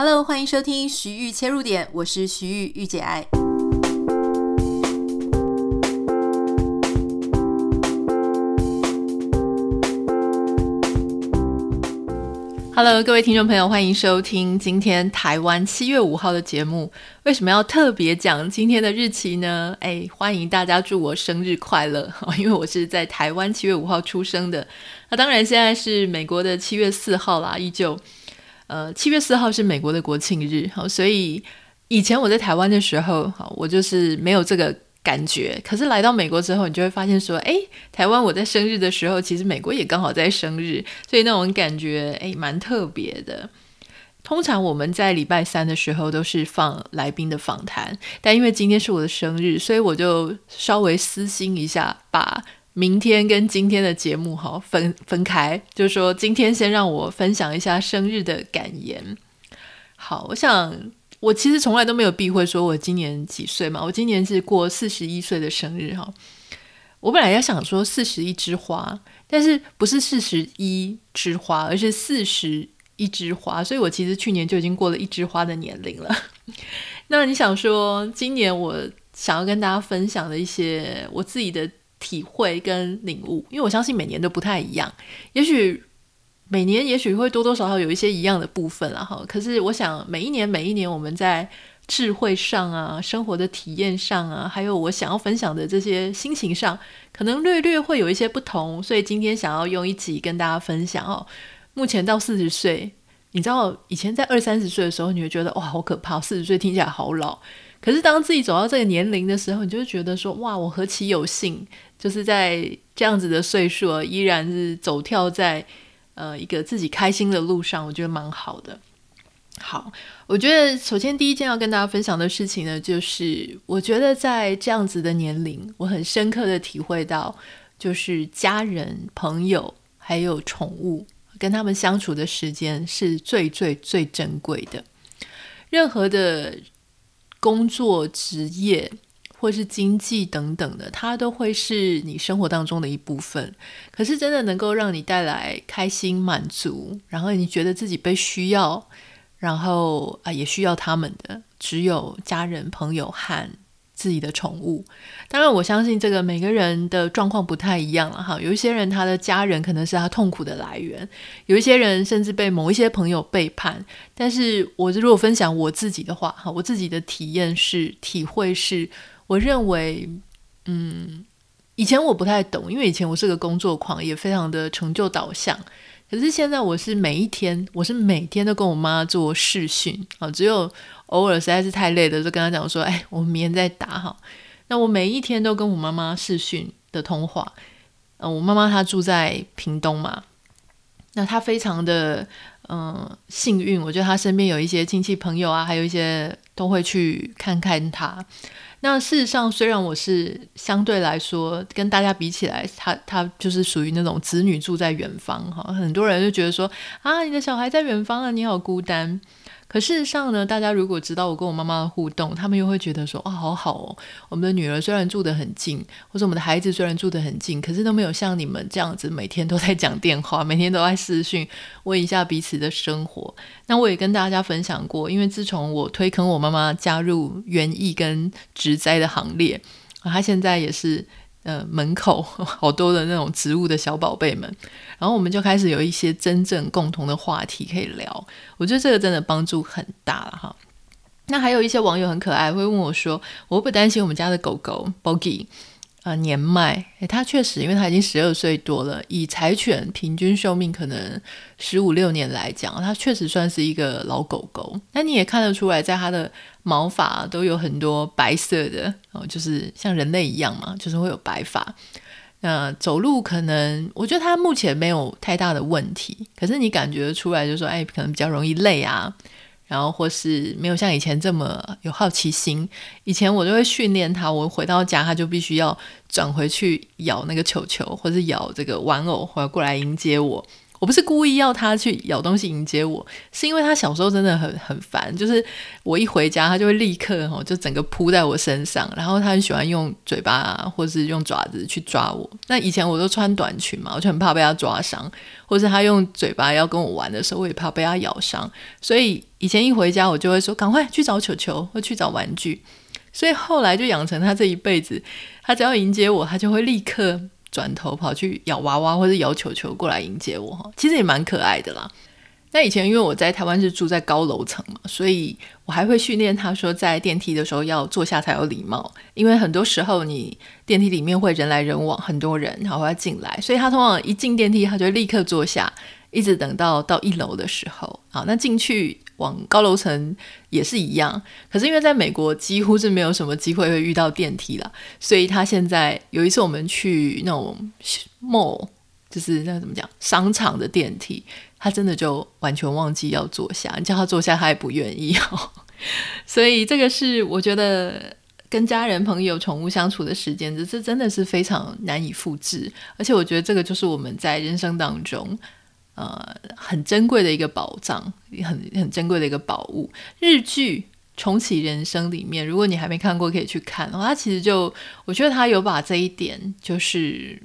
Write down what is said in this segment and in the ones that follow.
Hello，歡迎收聽徐豫切入點，我是徐豫，御姐愛。Hello，各位聽眾朋友，歡迎收聽今天台灣七月五號的節目。為什麼要特別講今天的日期呢？哎，歡迎大家祝我生日快樂，因為我是在台灣七月五號出生的。那當然，現在是美國的七月四號啦，依舊。呃，七月四號是美國的國慶日，好，所以以前我在台灣的時候，好，我就是沒有這個感覺。可是來到美國之後，你就會發現說，欸，台灣我在生日的時候，其實美國也剛好在生日，所以那種感覺，欸，蠻特別的。通常我們在禮拜三的時候都是放來賓的訪談，但因為今天是我的生日，所以我就稍微私心一下吧。明天跟今天的節目哈分分開，就是說今天先讓我分享一下生日的感言。好，我想我其實從來都沒有避諱說我今年幾歲嘛，我今年是過四十一歲的生日哈。我本來要想說四十一枝花，但是不是四十一枝花，而是四十一枝花，所以我其實去年就已經過了一枝花的年齡了。那你想說，今年我想要跟大家分享的一些我自己的。體會跟領悟，因為我相信每年都不太一樣。也許每年也許會多多少少有一些一樣的部分，啊。哈，可是我想每一年每一年我們在智慧上啊、生活的體驗上啊，還有我想要分享的這些心情上，可能略略會有一些不同。所以今天想要用一集跟大家分享哦。目前到四十歲，你知道以前在二三十歲的時候，你會覺得哇好可怕，四十歲聽起來好老。可是，當自己走到這個年齡的時候，你就會覺得說：“哇，我何其有幸，就是在這樣子的歲數啊，依然是走跳在呃一個自己開心的路上，我覺得蠻好的。”好，我覺得首先第一件要跟大家分享的事情呢，就是我覺得在這樣子的年齡，我很深刻的體會到，就是家人、朋友還有寵物，跟他們相處的時間是最最最珍貴的。任何的。工作、職業或是經濟等等的，它都會是你生活當中的一部分。可是，真的能夠讓你帶來開心、滿足，然後你覺得自己被需要，然後啊也需要他們的，只有家人、朋友和。自己的寵物，當然我相信這個每個人的狀況不太一樣了哈。有一些人他的家人可能是他痛苦的來源，有一些人甚至被某一些朋友背叛。但是，我是如果分享我自己的話哈，我自己的體驗是、體會是，我認為，嗯，以前我不太懂，因為以前我是個工作狂，也非常的成就導向。可是現在，我是每一天，我是每天都跟我媽做視訊啊，只有。偶爾實在是太累了，就跟他講說：“哎，我們明天再打哈。”好，那我每一天都跟我媽媽視訊的通話。嗯，我媽媽她住在屏東嘛，那她非常的嗯，幸運。我覺得她身邊有一些親戚朋友啊，還有一些都會去看看她。那事實上，雖然我是相對來說跟大家比起來，她她就是屬於那種子女住在遠方哈。很多人就覺得說：“啊，你的小孩在遠方啊，你好孤單。”可事實上呢，大家如果知道我跟我媽媽的互動，他們又會覺得說：哦，好好哦，我們的女兒雖然住得很近，或者我們的孩子雖然住得很近，可是都沒有像你們這樣子每天都在講電話，每天都在私訊問一下彼此的生活。那我也跟大家分享過，因為自從我推坑我媽媽加入園藝跟植栽的行列，她現在也是。呃，門口好多的那種植物的小寶貝們，然後我們就開始有一些真正共同的話題可以聊，我覺得這個真的幫助很大了哈。那還有一些網友很可愛，會問我說：“我不擔心我們家的狗狗 Boogie。”啊，年邁誒，他確實，因為他已經十二歲多了，以柴犬平均壽命可能十五六年來講，他確實算是一個老狗狗。那你也看得出來，在他的毛髮都有很多白色的哦，就是像人類一樣嘛，就是會有白髮。那走路可能，我覺得他目前沒有太大的問題，可是你感覺出來，就是說，哎，可能比較容易累啊。然後或是沒有像以前這麼有好奇心，以前我就會訓練他，我回到家他就必須要轉回去咬那個球球，或是咬這個玩偶，或者過來迎接我。我不是故意要他去咬東西迎接我，是因為他小時候真的很很煩，就是我一回家他就會立刻吼、喔，就整個撲在我身上，然後他很喜歡用嘴巴、啊、或者是用爪子去抓我。那以前我都穿短裙嘛，我就很怕被他抓傷，或是他用嘴巴要跟我玩的時候，我也怕被他咬傷。所以以前一回家我就會說，趕快去找球球或去找玩具，所以後來就養成他這一輩子，他只要迎接我，他就會立刻。轉頭跑去咬娃娃，或者咬球球過來迎接我，其實也蠻可愛的啦。那以前因為我在台灣是住在高樓層嘛，所以我還會訓練他說，在電梯的時候要坐下才有禮貌，因為很多時候你電梯裡面會人來人往，很多人然後要進來，所以他通常一進電梯他就立刻坐下。一直等到到一樓的時候啊，那進去往高樓層也是一樣。可是因為在美國幾乎是沒有什麼機會會遇到電梯了，所以他現在有一次我們去那種 mall，就是那個怎麼講商場的電梯，他真的就完全忘記要坐下，你叫他坐下他也不願意哦。所以這個是我覺得跟家人、朋友、寵物相處的時間，這這真的是非常難以複製。而且我覺得這個就是我們在人生當中。呃，很珍貴的一個寶藏，很很珍貴的一個寶物。日劇《重啟人生》裡面，如果你還沒看過，可以去看，哦。它其實就，我覺得它有把這一點，就是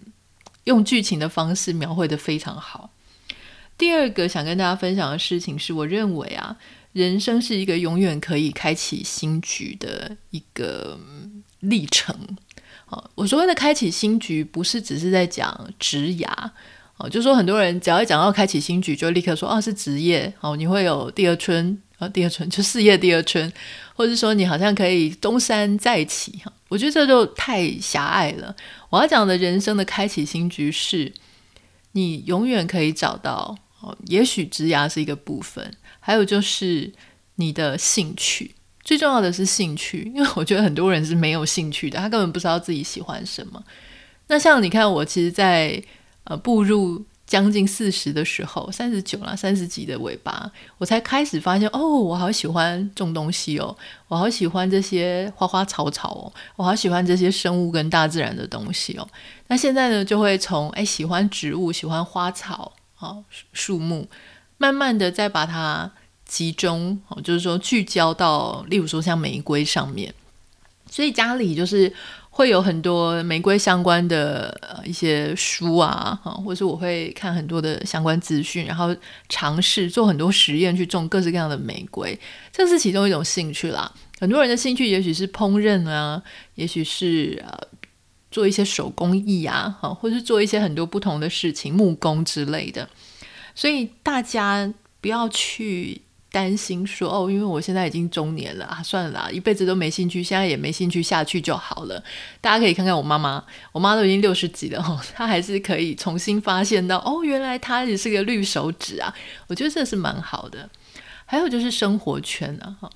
用劇情的方式描繪得非常好。第二個想跟大家分享的事情是，我認為啊，人生是一個永遠可以開啟新局的一個歷程。哦，我所謂的開啟新局，不是只是在講職涯。哦，就是說，很多人只要一講到開啟新局，就立刻說，哦、啊，是職業，哦，你會有第二春，啊，第二春就事業第二春，或者是說，你好像可以東山再起哈、哦。我覺得這就太狹隘了。我要講的人生的開啟新局是，你永遠可以找到哦，也許職涯是一個部分，還有就是你的興趣，最重要的是興趣，因為我覺得很多人是沒有興趣的，他根本不知道自己喜歡什麼。那像你看，我其實，在呃，步入將近四十的時候，三十九了，三十幾的尾巴，我才開始發現，哦，我好喜歡種東西哦，我好喜歡這些花花草草哦，我好喜歡這些生物跟大自然的東西哦。那現在呢，就會從哎喜歡植物、喜歡花草、哦、樹木，慢慢的再把它集中哦，就是說聚焦到，例如說像玫瑰上面，所以家裡就是。會有很多玫瑰相關的一些書啊，或者我會看很多的相關資訊，然後嘗試做很多實驗去種各式各樣的玫瑰，這是其中一種興趣啦。很多人的興趣也許是烹飪啊，也許是、呃、做一些手工藝啊，或是做一些很多不同的事情，木工之類的。所以大家不要去。擔心說哦，因為我現在已經中年了啊，算了啦，一輩子都沒興趣，現在也沒興趣下去就好了。大家可以看看我媽媽，我媽都已經六十幾了，她還是可以重新發現到哦，原來她也是個綠手指啊。我覺得這是蠻好的。還有就是生活圈啊，嗯、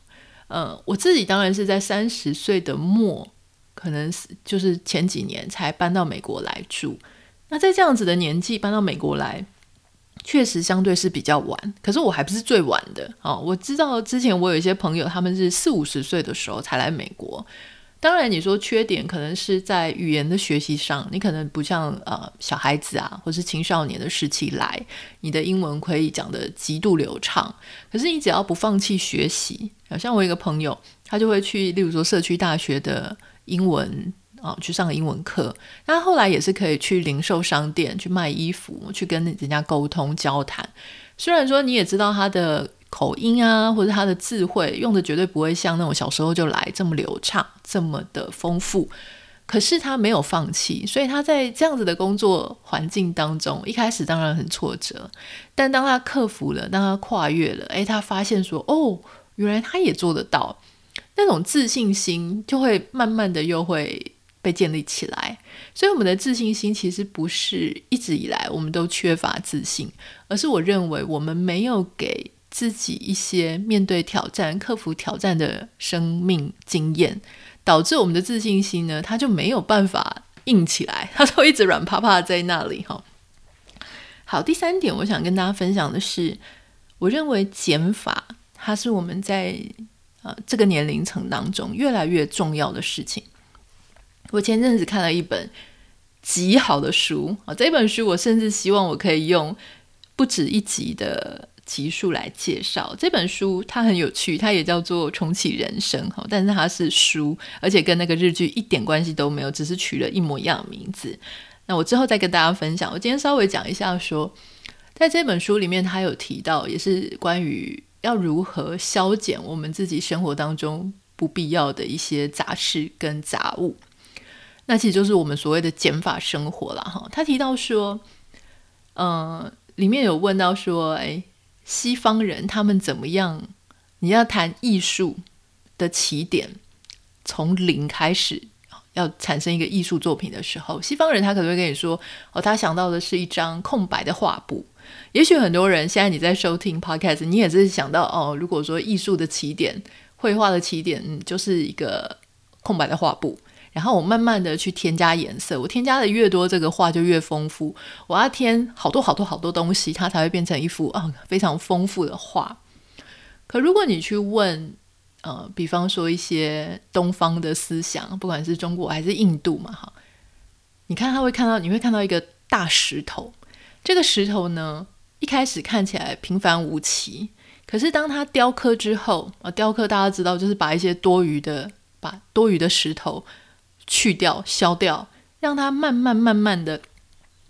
呃，我自己當然是在三十歲的末，可能是就是前幾年才搬到美國來住。那在這樣子的年紀搬到美國來。確實相對是比較晚，可是我還不是最晚的啊、哦！我知道之前我有一些朋友，他們是四五十歲的時候才來美國。當然，你說缺點可能是在語言的學習上，你可能不像呃小孩子啊，或是青少年的時期來，你的英文可以講得極度流暢。可是你只要不放棄學習，好像我有一個朋友，他就會去，例如說社區大學的英文。啊、哦，去上個英文課，那後來也是可以去零售商店去賣衣服，去跟人家溝通交談。雖然說你也知道他的口音啊，或者他的智慧用的絕對不會像那種小時候就來這麼流暢，這麼的豐富。可是他沒有放棄，所以他在這樣子的工作環境當中，一開始當然很挫折，但當他克服了，當他跨越了，哎，他發現說，哦，原來他也做得到，那種自信心就會慢慢的又會會建立起來，所以我們的自信心，其實不是一直以來我們都缺乏自信，而是我認為我們沒有給自己一些面對挑戰、克服挑戰的生命經驗，導致我們的自信心呢，它就沒有辦法硬起來，它都一直軟趴趴在那裡。哈，好，第三點，我想跟大家分享的是，我認為減法它是我們在，呃，這個年齡層當中越來越重要的事情。我前陣子看了一本極好的書啊，這本書我甚至希望我可以用不止一集的集數來介紹這本書。它很有趣，它也叫做《重啟人生》哈，但是它是書，而且跟那個日劇一點關係都沒有，只是取了一模一樣的名字。那我之後再跟大家分享。我今天稍微講一下說，說在這本書裡面，它有提到也是關於要如何消減我們自己生活當中不必要的一些雜事跟雜物。那其實就是我們所謂的減法生活了哈、哦。他提到說，嗯、呃，裡面有問到說，誒，西方人他們怎麼樣？你要談藝術的起點，從零開始，要產生一個藝術作品的時候，西方人他可能會跟你說，哦，他想到的是一張空白的畫布。也許很多人現在你在收聽 podcast，你也是想到，哦，如果說藝術的起點，繪畫的起點，嗯，就是一個空白的畫布。然後我慢慢的去添加顏色，我添加的越多，這個畫就越豐富。我要添好多好多好多東西，它才會變成一幅啊非常豐富的畫。可如果你去問，呃，比方說一些東方的思想，不管是中國還是印度嘛，哈，你看它會看到，你會看到一個大石頭。這個石頭呢，一開始看起來平凡無奇，可是當它雕刻之後啊，呃，雕刻大家知道就是把一些多餘的，把多餘的石頭。去掉、消掉，讓它慢慢、慢慢的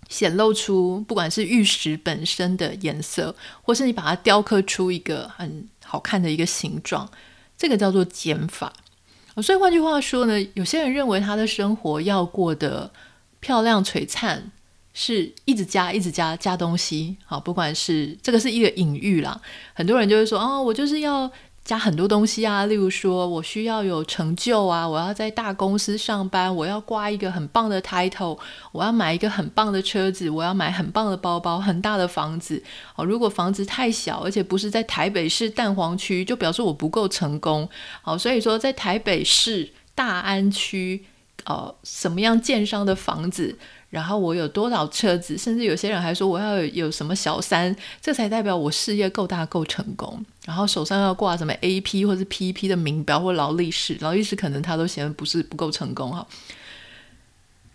顯露出，不管是玉石本身的顏色，或是你把它雕刻出一個很好看的一個形狀，這個叫做減法。所以換句話說呢，有些人認為他的生活要過得漂亮、璀璨，是一直加、一直加、加東西。好，不管是這個是一個隱喻啦，很多人就會說，哦，我就是要。加很多東西啊，例如說我需要有成就啊，我要在大公司上班，我要掛一個很棒的 title，我要買一個很棒的車子，我要買很棒的包包，很大的房子。好、哦，如果房子太小，而且不是在台北市蛋黃區，就表示我不夠成功。好、哦，所以說在台北市大安區，呃，什麼樣建商的房子？然後我有多少車子，甚至有些人還說我要有，有什麼小三，這才代表我事業夠大夠成功。然後手上要掛什麼 AP 或是 PP 的名錶或勞力士，勞力士可能他都嫌不是不夠成功哈。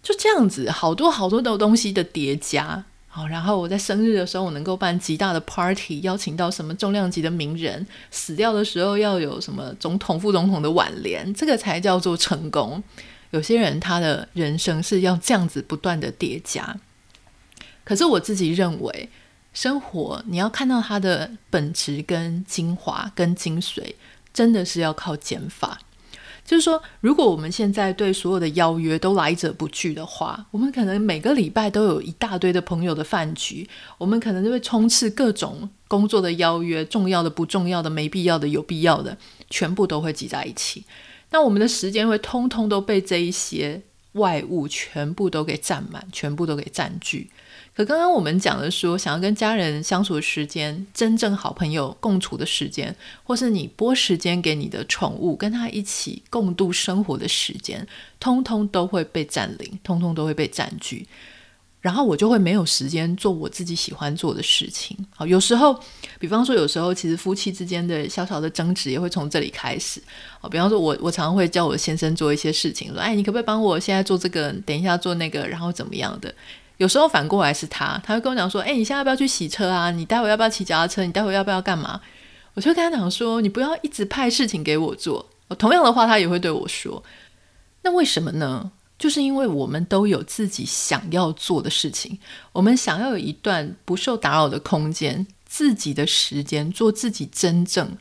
就這樣子，好多好多的東西的疊加。好，然後我在生日的時候我能夠辦極大的 party，邀請到什麼重量級的名人，死掉的時候要有什麼總統、副總統的輓聯，這個才叫做成功。有些人他的人生是要這樣子不斷的疊加，可是我自己認為，生活你要看到它的本質跟精華跟精髓，真的是要靠減法。就是說，如果我們現在對所有的邀約都來者不拒的話，我們可能每個禮拜都有一大堆的朋友的飯局，我們可能就會充斥各種工作的邀約，重要的、不重要的、沒必要的、有必要的，全部都會擠在一起。那我們的時間會通通都被這一些外物全部都給占滿，全部都給占據。可剛剛我們講的說，想要跟家人相處的時間，真正好朋友共處的時間，或是你撥時間給你的寵物，跟他一起共度生活的時間，通通都會被占領，通通都會被占據。然後我就會沒有時間做我自己喜歡做的事情。好，有時候，比方說，有時候其實夫妻之間的小小的爭執也會從這裡開始。好，比方說我，我我常常會叫我先生做一些事情，說：“哎，你可不可以幫我現在做這個？等一下做那個？然後怎麼樣的？”有時候反過來是他，他會跟我講說：“哎，你現在要不要去洗車啊？你待會要不要騎腳踏車？你待會要不要幹嘛？”我就跟他講說：“你不要一直派事情給我做。”同樣的話，他也會對我說：“那為什麼呢？”就是因為我們都有自己想要做的事情，我們想要有一段不受打擾的空間，自己的時間做自己真正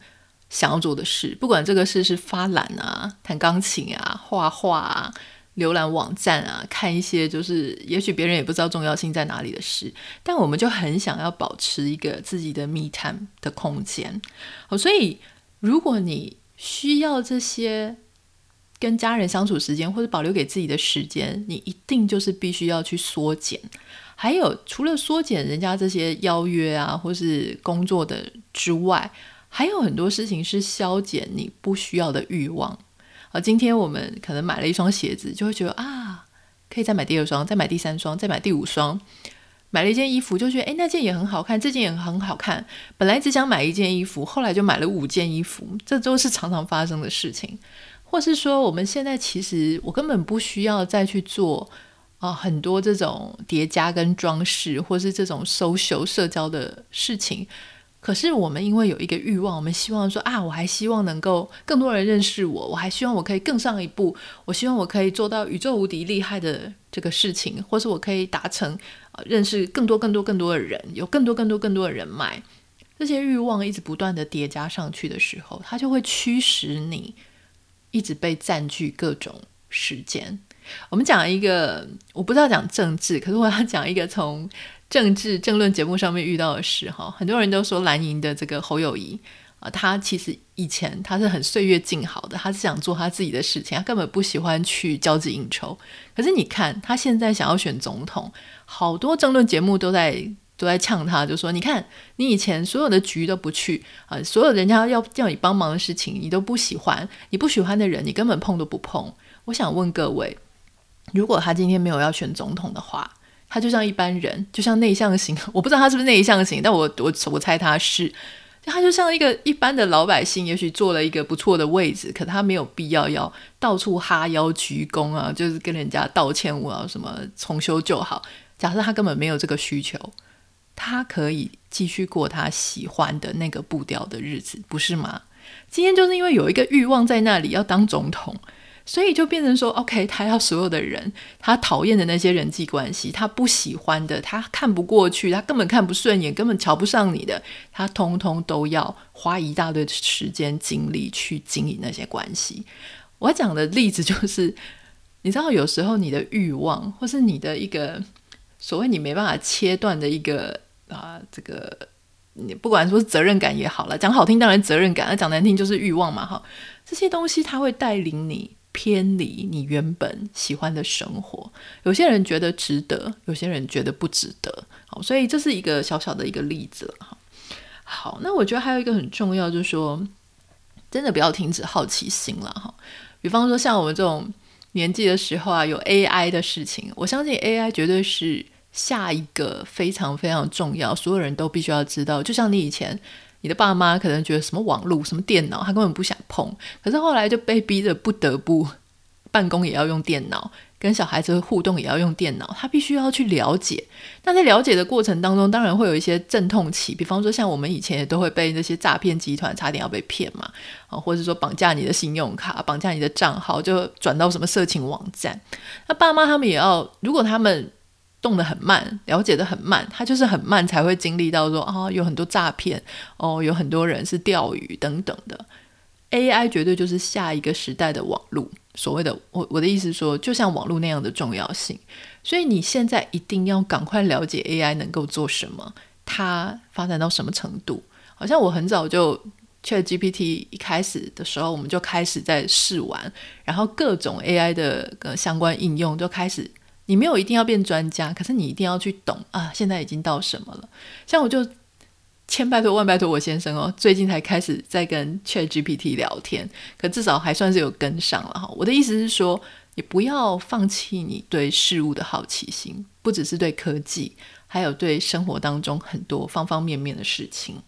想要做的事。不管這個事是發懶啊、彈鋼琴啊、畫畫啊、瀏覽網站啊、看一些就是也許別人也不知道重要性在哪裡的事，但我們就很想要保持一個自己的 me time 的空間。好，所以，如果你需要這些，跟家人相處時間，或者保留給自己的時間，你一定就是必須要去縮減。還有，除了縮減人家這些邀約啊，或是工作的之外，還有很多事情是消減你不需要的慾望。而今天我們可能買了一雙鞋子，就會覺得啊，可以再買第二雙，再買第三雙，再買第五雙。買了一件衣服，就覺得哎、欸，那件也很好看，這件也很好看。本來只想買一件衣服，後來就買了五件衣服，這都是常常發生的事情。或是說，我們現在其實我根本不需要再去做啊、呃、很多這種疊加跟裝飾，或是這種 social 社交的事情。可是我們因為有一個慾望，我們希望說啊，我還希望能夠更多人認識我，我還希望我可以更上一步，我希望我可以做到宇宙無敵厲害的這個事情，或是我可以達成、呃、認識更多更多更多的人，有更多更多更多的人脈。這些慾望一直不斷的疊加上去的時候，它就會驅使你。一直被佔據各種時間。我們講一個，我不知道講政治，可是我要講一個從政治政論節目上面遇到的事哈。很多人都說藍營的這個侯友宜啊,他其實以前他是很歲月靜好的，他是想做他自己的事情，他根本不喜歡去交際應酬。可是你看他現在想要選總統，好多政論節目都在。都在嗆他，就說：“你看，你以前所有的局都不去啊、呃，所有人家要叫你幫忙的事情，你都不喜歡。你不喜歡的人，你根本碰都不碰。”我想問各位，如果他今天沒有要選總統的話，他就像一般人，就像內向型。我不知道他是不是內向型，但我我我猜他是。他就像一個一般的老百姓，也許坐了一個不錯的位置，可他沒有必要要到處哈腰鞠躬啊，就是跟人家道歉我、啊、要什麼重修舊好。假設他根本沒有這個需求。他可以繼續過他喜歡的那個步調的日子，不是嗎？今天就是因為有一個慾望在那裡，要當總統，所以就變成說，OK，他要所有的人，他討厭的那些人際關係，他不喜歡的，他看不過去，他根本看不順眼，根本瞧不上你的，他通通都要花一大堆的時間精力去經營那些關係。我講的例子就是，你知道，有時候你的慾望，或是你的一個所謂你沒辦法切斷的一個。啊，這個你不管說是責任感也好了，講好聽當然責任感，那，啊，講難聽就是慾望嘛。哈，這些東西它會帶領你偏離你原本喜歡的生活。有些人覺得值得，有些人覺得不值得。好，所以這是一個小小的一個例子哈。好，那我覺得還有一個很重要，就是說真的不要停止好奇心了哈。比方說像我們這種年紀的時候啊，有 AI 的事情，我相信 AI 絕對是。下一個非常非常重要，所有人都必須要知道。就像你以前，你的爸媽可能覺得什麼網絡、什麼電腦，他根本不想碰。可是後來就被逼着不得不，辦公也要用電腦，跟小孩子互動也要用電腦，他必須要去了解。那在了解的過程當中，當然會有一些陣痛期，比方說像我們以前也都會被那些詐騙集團差點要被騙嘛，啊、哦，或者說綁架你的信用卡，綁架你的賬號，就轉到什麼色情網站。那爸媽他們也要，如果他們。動得很慢，了解得很慢，他就是很慢才會經歷到說啊、哦，有很多詐騙，哦，有很多人是釣魚等等的。AI 絕對就是下一個時代的網絡，所謂的我我的意思說，就像網絡那樣的重要性。所以你現在一定要趕快了解 AI 能夠做什麼，它發展到什麼程度。好像我很早就 ChatGPT 一開始的時候，我們就開始在試玩，然後各種 AI 的呃相關應用就開始。你沒有一定要變專家，可是你一定要去懂啊！現在已經到什麼了？像我就千拜託萬拜託我先生哦，最近才開始在跟 ChatGPT 聊天，可至少還算是有跟上了哈。我的意思是說，你不要放棄你對事物的好奇心，不只是對科技，還有對生活當中很多方方面面的事情。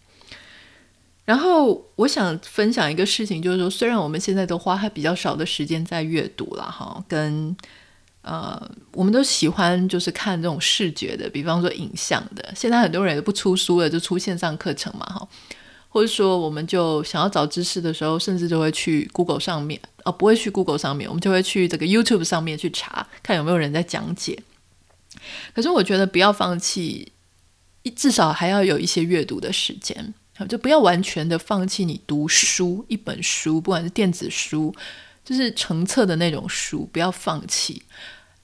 然後我想分享一個事情，就是說，雖然我們現在都花還比較少的時間在閱讀了哈，跟。呃，我們都喜歡就是看這種視覺的，比方說影像的。現在很多人都不出書了，就出線上課程嘛，哈、哦。或者說，我們就想要找知識的時候，甚至就會去 Google 上面，哦，不會去 Google 上面，我們就會去這個 YouTube 上面去查看有沒有人在講解。可是我覺得不要放棄，至少還要有一些閱讀的時間，就不要完全的放棄你讀書，一本書，不管是電子書。就是成冊的那種書，不要放棄，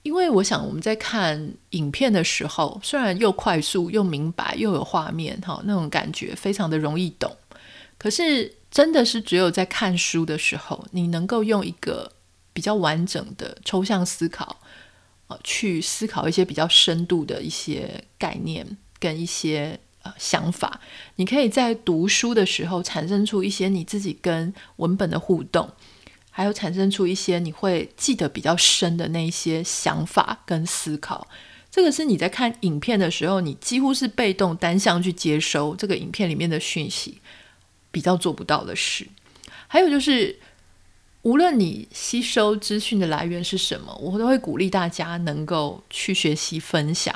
因為我想我們在看影片的時候，雖然又快速又明白又有畫面哈、哦，那種感覺非常的容易懂，可是真的是只有在看書的時候，你能夠用一個比較完整的抽象思考，啊、哦，去思考一些比較深度的一些概念跟一些、呃、想法，你可以在讀書的時候產生出一些你自己跟文本的互動。還有產生出一些你會記得比較深的那一些想法跟思考，這個是你在看影片的時候，你幾乎是被動單向去接收這個影片裡面的訊息，比較做不到的事。還有就是，無論你吸收資訊的來源是什麼，我都會鼓勵大家能夠去學習分享。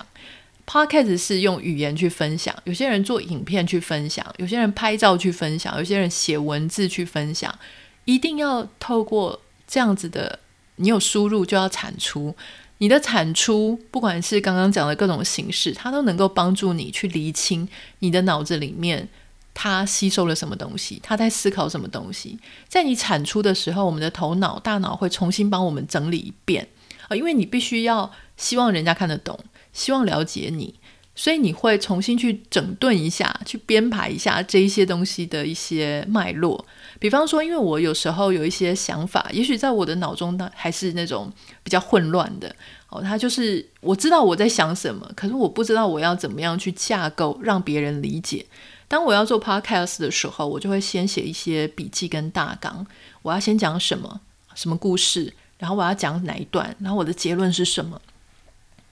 Podcast 是用語言去分享，有些人做影片去分享，有些人拍照去分享，有些人寫文字去分享。一定要透過這樣子的，你有輸入就要產出，你的產出不管是剛剛講的各種形式，它都能夠幫助你去釐清你的腦子裡面它吸收了什麼東西，它在思考什麼東西。在你產出的時候，我們的頭腦、大腦會重新幫我們整理一遍啊，因為你必須要希望人家看得懂，希望了解你。所以你會重新去整頓一下，去編排一下這一些東西的一些脈絡。比方說，因為我有時候有一些想法，也許在我的腦中呢還是那種比較混亂的。哦，他就是我知道我在想什麼，可是我不知道我要怎麼樣去架構讓別人理解。當我要做 podcast 的時候，我就會先寫一些筆記跟大綱。我要先講什麼什麼故事，然後我要講哪一段，然後我的結論是什麼。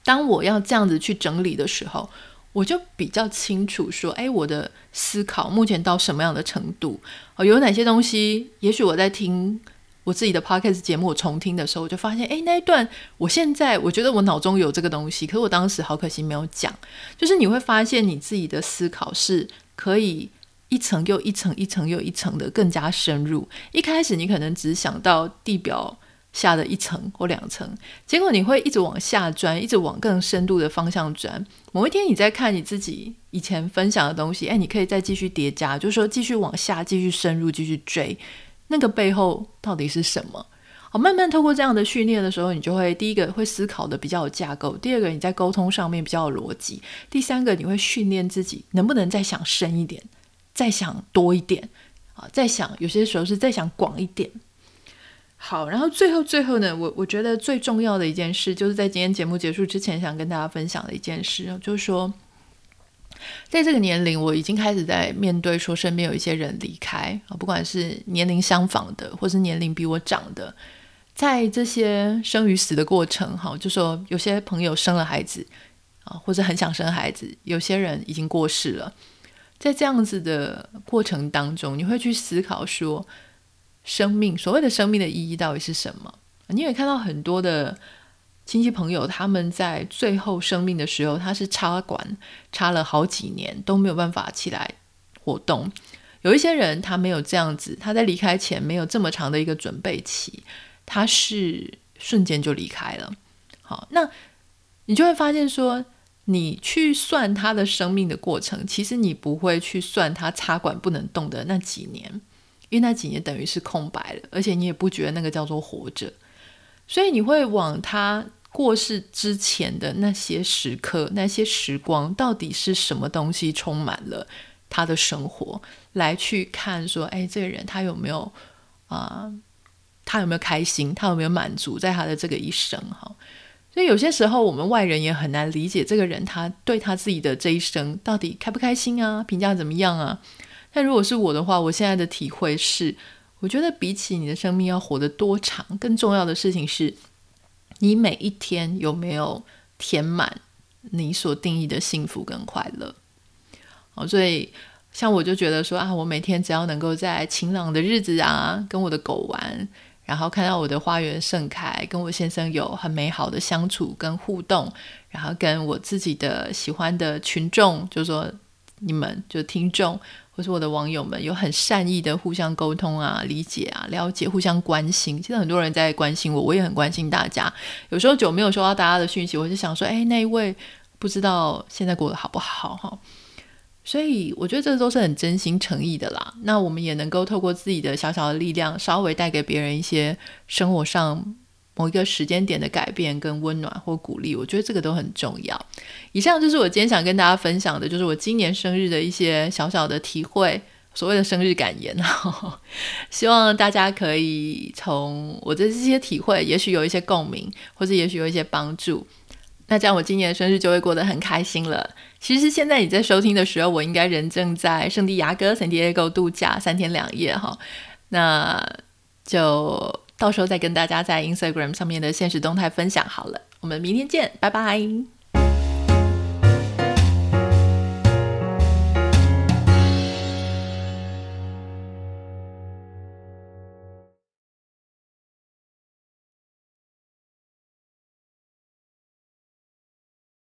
當我要這樣子去整理的時候，我就比較清楚說，哎，我的思考目前到什麼樣的程度？哦，有哪些東西？也許我在聽我自己的 podcast 節目，我重聽的時候，我就發現，哎，那一段，我現在我覺得我腦中有這個東西，可是我當時好可惜沒有講。就是你會發現，你自己的思考是可以一層又一層、一層又一層的更加深入。一開始你可能只想到地表，下的一層或兩層，結果你會一直往下鑽，一直往更深度的方向鑽。某一天你在看你自己以前分享的東西，哎，你可以再繼續疊加，就是說繼續往下，繼續深入，繼續追。那個背後到底是什麼？好，慢慢透過這樣的訓練的時候，你就會第一個會思考的比較有架構，第二個你在溝通上面比較有邏輯，第三個你會訓練自己能不能再想深一點，再想多一點，啊，再想有些時候是再想廣一點。好，然後最後最後呢，我我覺得最重要的一件事，就是在今天節目結束之前，想跟大家分享的一件事，就是說，在這個年齡，我已經開始在面對說身邊有一些人離開啊，不管是年齡相仿的，或是年齡比我長的，在這些生與死的過程，哈，就說有些朋友生了孩子啊，或者很想生孩子，有些人已經過世了，在這樣子的過程當中，你會去思考說。生命，所謂的生命的意義到底是什麼？你也看到很多的親戚朋友，他們在最後生命的時候，他是插管，插了好幾年都沒有辦法起來活動。有一些人他沒有這樣子，他在離開前沒有這麼長的一個準備期，他是瞬間就離開了。好，那你就會發現說，你去算他的生命的過程，其實你不會去算他插管不能動的那幾年。因為那幾年等於是空白了，而且你也不覺得那個叫做活着，所以你會往他過世之前的那些時刻、那些時光，到底是什麼東西充滿了他的生活，來去看說，哎，這個人他有沒有啊？他有沒有開心？他有沒有滿足在他的這個一生？哈，所以有些時候我們外人也很難理解這個人，他對他自己的這一生到底開不開心啊？評價怎麼樣啊？但如果是我的話，我現在的體會是，我覺得比起你的生命要活得多長，更重要的事情是，你每一天有沒有填滿你所定義的幸福跟快樂？哦，所以像我就覺得說啊，我每天只要能夠在晴朗的日子啊，跟我的狗玩，然後看到我的花園盛開，跟我先生有很美好的相處跟互動，然後跟我自己的喜歡的群眾，就說你們就聽眾。或是我的網友們有很善意的互相溝通啊、理解啊、了解、互相關心。現在很多人在關心我，我也很關心大家。有時候久沒有收到大家的訊息，我就想說：哎，那一位不知道現在過得好不好哈？所以我覺得這都是很真心誠意的啦。那我們也能夠透過自己的小小的力量，稍微帶給別人一些生活上。某一個時間點的改變跟溫暖或鼓勵，我覺得這個都很重要。以上就是我今天想跟大家分享的，就是我今年生日的一些小小的體會，所謂的生日感言。哈，希望大家可以從我的這些體會，也許有一些共鳴，或者也許有一些幫助。那這樣我今年的生日就會過得很開心了。其實現在你在收聽的時候，我應該人正在聖地亞哥，聖地牙哥度假三天兩夜，哈，那就。到時候再跟大家在 Instagram 上面的限時動態分享好了，我們明天見，拜拜。